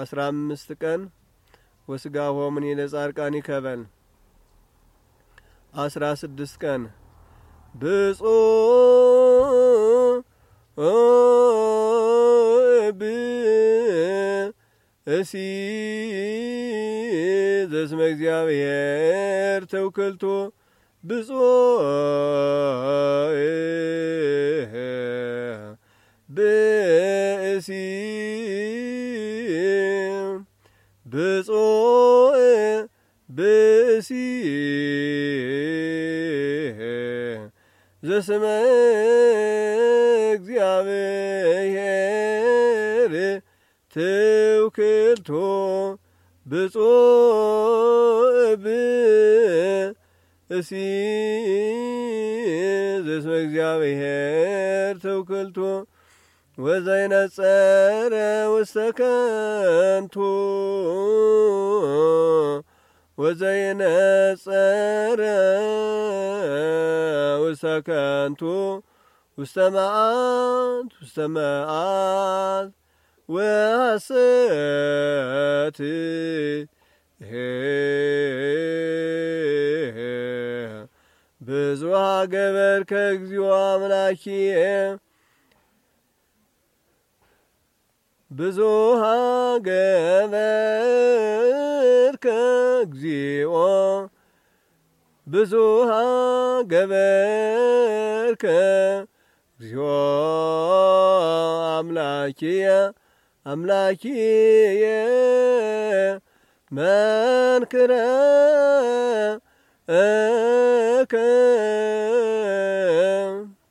አስራ አምስት ቀን ወስጋ ሆምን ለጻርቃን ይከበል አስራ ስድስት ቀን ብ እሲ ዘስመ እግዚአብሔር ተውክልቶ ብፁዕ ብፁዕ ብእሲ ዘስመ እግዚአብሔር ትውክልቶ ብእሲ ዘስመ እግዚአብሔር ትውክልቶ ወዘይነጸረ ውስተ ከንቱ ወዘይነጸረ ውስተ ከንቱ ውስተ መዓት ውስተ መዓት ወሐሰት ብዙሃ ገበርከ እግዚኦ አምላኪየ ብዙ ገበርከ እግዚኦ ብዙ ገበርከ እግዚኦ አምላኪየ አምላኪየ መንክረ እከ